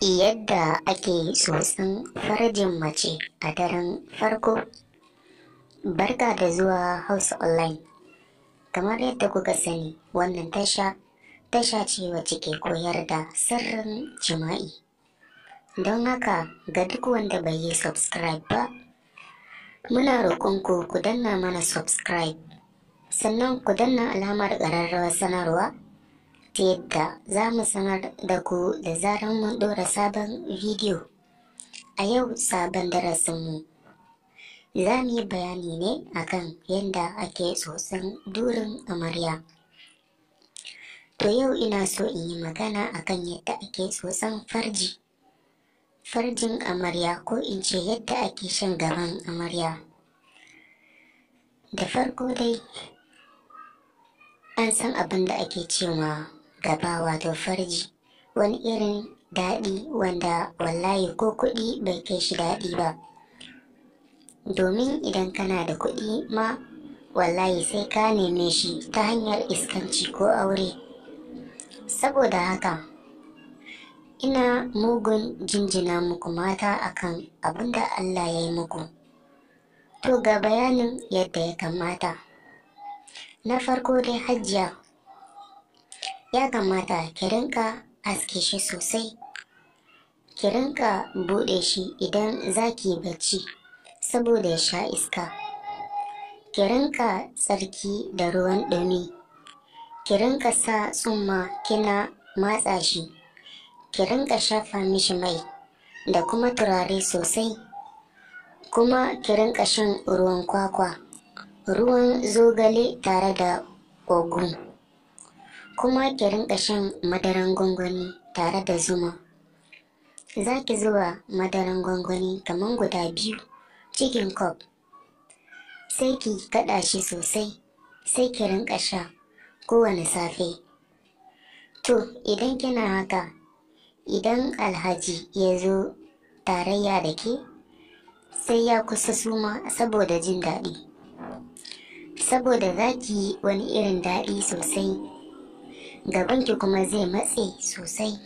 yadda ake sosan farajin mace a daren farko barka da zuwa House online kamar yadda kuka sani wannan tasha tasha ce wacce ke koyar da sirrin jima'i don haka ga duk wanda bai yi subscribe ba muna roƙonku ku danna mana subscribe sannan ku danna alamar ƙararrawar sanarwa ta yadda za mu sanar da ku da zarar mun ɗora sabon bidiyo a yau sabon darasinmu za mu yi bayani ne akan yadda ake tsotsin durin amarya to yau ina so in yi magana akan yadda ake tsotsin farji farjin amarya ko in ce yadda ake shan gaban amarya da farko dai an san abin da ake cewa gaba wato farji wani irin daɗi wanda wallahi ko kuɗi bai kai shi daɗi ba domin idan kana da kuɗi ma wallahi sai ka neme shi ta hanyar iskanci ko aure saboda haka ina mugun jinjina muku mata akan abinda Allah ya yi muku to ga bayanin yadda ya kamata na farko dai hajjiya ya kamata ki rinka aske shi sosai ki rinka bude shi idan zaki ki bacci saboda ya sha iska ki rinka tsarki da ruwan dani. ki rinka sa tsumma kina matsa shi ki rinka shafa mishi mai da kuma turare sosai kuma ki rinka shan ruwan kwakwa ruwan zogale tare da ogun. kuma ki rinka shan madaran gwangwani tare da zuma za ki zuba madaran gwangwani kamar guda biyu cikin cup sai ki kaɗa shi sosai sai ki rinka sha kowane safe to idan kina haka idan alhaji ya zo tarayya da ke sai ya kusa suma saboda jin daɗi saboda za ki yi wani irin daɗi sosai gabanki kuma zai matse sosai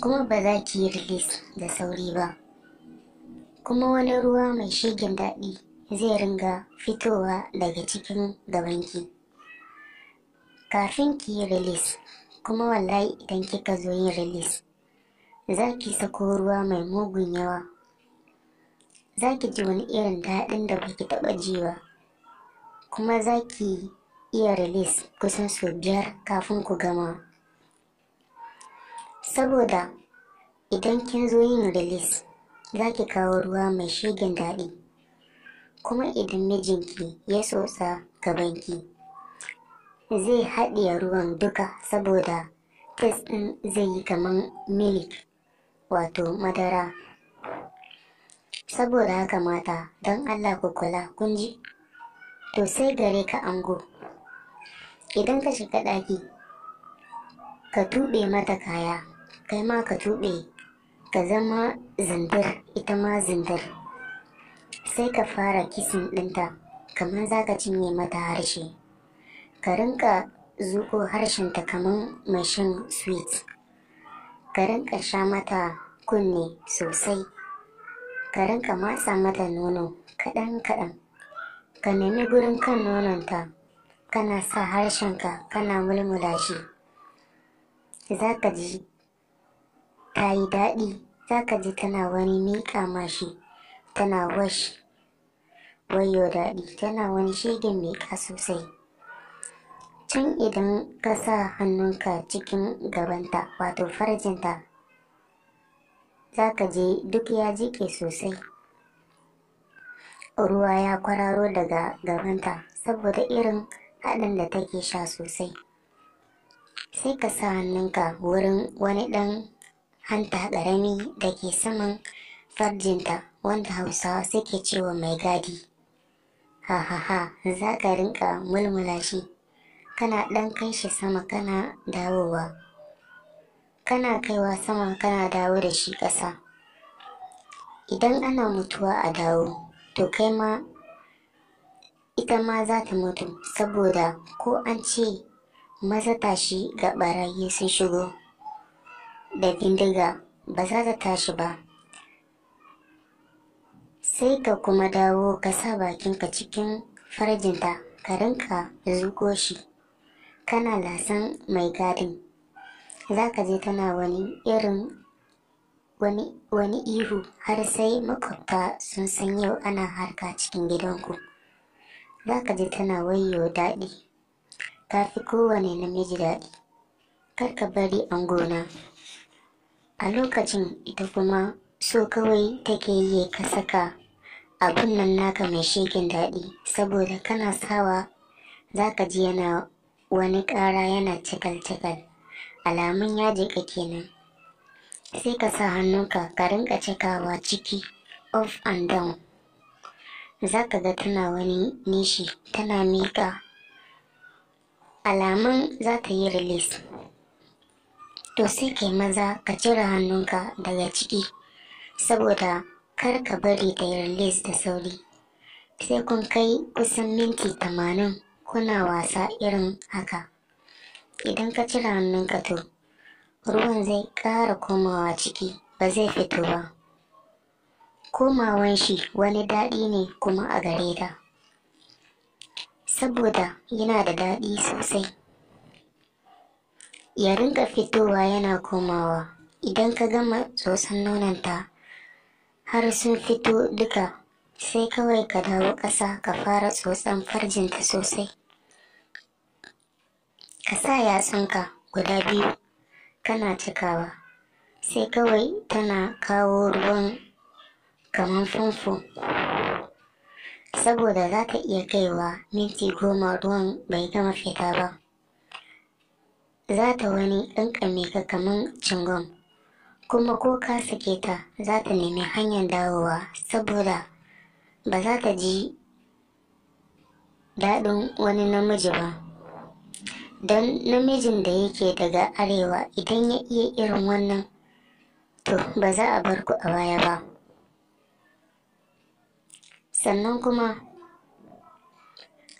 kuma ba za ki yi release da sauri ba kuma wani ruwa mai shigin daɗi zai ringa fitowa daga cikin gabanki kafin ki yi release kuma wallahi idan kika zo yin release za ki sako ruwa mai mugun yawa za ki ji wani irin daɗin da ba ki taɓa jiwa kuma za ki iya release kusan su biyar kafin ku gama saboda idan kin zo yin release za ki kawo ruwa mai shegen daɗi kuma idan mijinki ya tsotsa gabanki zai haɗiye ruwan duka saboda test ɗin zai yi kaman milik wato madara saboda haka mata don allah ku kula kun ji to sai gare ka ango idan ka shiga ɗaki ka tuɓe mata kaya kai ma ka tuɓe ka zama zindir ita ma zindir sai ka fara kisin ɗinta kamar za ka cinye mata harshe ka rinka zuko harshenta kamar mai shan sweet ka rinka sha mata kunne sosai ka rinka matsa mata nono kaɗan-kaɗan ka nemi gurin kan nononta kana sa harshenka kana mulmula shi za ka ji ta yi daɗi za ka ji tana wani miƙa mashi tana washi wayo daɗi tana wani shegen miƙa sosai can idan ka sa hannunka cikin gabanta wato farjinta za ka je duk ya jike sosai ruwa ya kwararo daga gabanta saboda irin haɗin da take sha sosai sai ka sa hannunka wurin wani ɗan hanta ƙarami da ke saman farjinta wanda hausawa suke cewa mai gadi ha ha ha za ka rinka mulmula shi kana ɗan kai shi sama kana dawowa kana kaiwa sama kana dawo da shi ƙasa idan ana mutuwa a dawo to kai ma ita ma za ta mutu saboda ko an ce maza tashi ga barayi sun shigo da bindiga ba za ta tashi ba sai ka kuma dawo ka sa bakinka cikin farjinta ka rinka zuko shi kana lasan mai gadin za ka je tana wani irin wani, ihu har sai makwabta sun san yau ana harka cikin gidanku. za ka ji tana wayewa daɗi ta fi kowane namiji daɗi kar ka bari an gona a lokacin ita kuma so kawai take yi ka saka abun nan naka mai shekin daɗi saboda kana sawa za ka ji yana wani ƙara yana cikal-cikal alamun ya ka kenan sai ka sa hannunka ka rinka cikawa ciki off and down zaka ga tana wani nishi tana mika Alaman za yi release to sai kai maza ka cire hannunka daga ciki saboda kar ka bari ta yi release da sauri sai kun kai kusan minti tamanin kuna wasa irin haka idan ka cire hannunka to ruwan zai ƙara komawa ciki ba zai fito ba komawan shi wani daɗi ne kuma a gare ta saboda yana da daɗi sosai ya rinka fitowa yana komawa idan ka gama tsotson ta, har sun fito duka sai kawai ka dawo ƙasa ka fara tsotson farjinta sosai ka sa yatsunka guda biyu kana cikawa sai kawai tana kawo ruwan kamar famfo saboda za ta iya kaiwa minti goma ruwan bai gama fita ba za ta wani ƙanƙame ka kamar cingon, kuma ko ka sake ta za ta nemi hanyar dawowa saboda ba za ta ji daɗin wani namiji ba don namijin da yake daga arewa idan ya iya irin wannan to ba za a bar ku a baya ba sannan kuma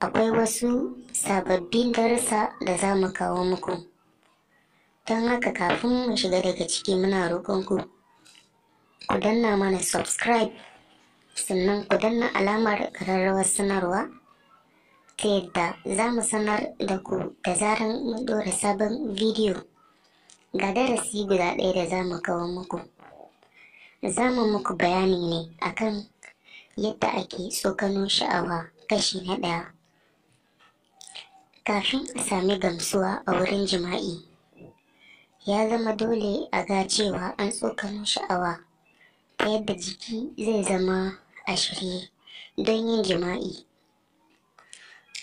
akwai wasu sababbin darasa da za mu kawo muku don haka kafin mu shiga daga ciki muna roƙonku ku danna mana subscribe sannan ku danna alamar ƙararrawar sanarwa ta yadda za mu sanar da ku da zaran mun ɗora sabon bidiyo ga darasi guda ɗaya da za mu kawo muku za mu muku bayani ne akan yadda ake so tsokano sha'awa kashi na ɗaya kafin a sami gamsuwa a wurin jima'i ya zama dole a ga cewa an tsokano sha'awa ta yadda jiki zai zama a shirye don yin jima'i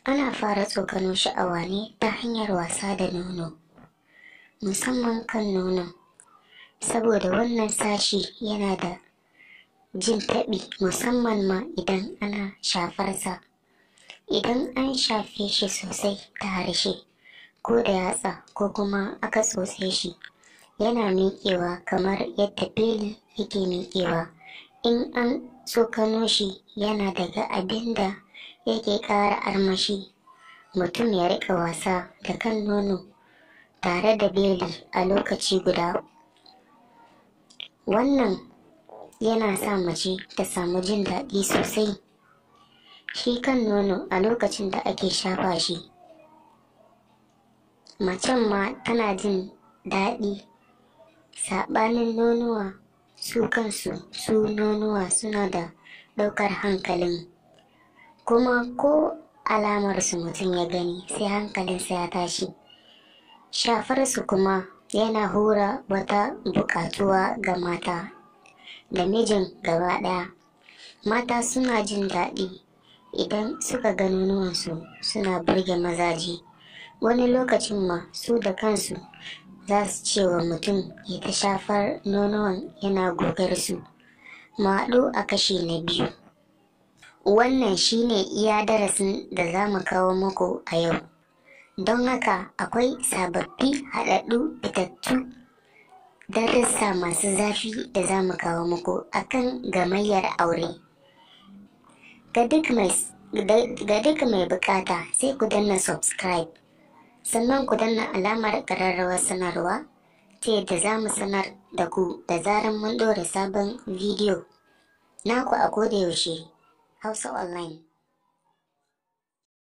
ana fara tsokano sha'awa ne ta hanyar wasa da nono musamman kan nono, saboda wannan sashi yana da jin taɓi musamman ma idan ana shafarsa idan an shafe shi sosai ta harshe ko da yatsa ko kuma aka tsotse shi yana miƙewa kamar yadda beli yake miƙewa in an tsokano shi yana daga abin da yake ƙara armashi mutum ya riƙa wasa da kan nono tare da beli a lokaci guda wannan yana sa mace ta samu jin daɗi sosai shi kan nono a lokacin da ake shafa shi macen ma tana jin daɗi saɓanin nonuwa su kansu su nonuwa suna da ɗaukar hankalin kuma ko alamarsu mutum ya gani sai hankalinsa ya tashi shafarsu kuma yana hura wata buƙatuwa ga mata da mijin gaba ɗaya mata suna jin daɗi idan suka ga nonuwansu suna burge mazaje wani lokacin ma su da kansu za su ce wa mutum ya ta shafar nonuwan yana gogar su maɗo a kashe na biyu wannan shine iya darasin da za mu kawo muku a yau don haka akwai sababbi haɗaɗɗu fitattu darussa masu zafi da za mu kawo muku akan gamayyar aure. Ga duk mai bukata sai ku danna subscribe, sannan ku danna alamar ƙararrawar sanarwa ce da za mu sanar da ku da zaran mun ɗora sabon bidiyo. Naku a kodayaushe, Hausa Online.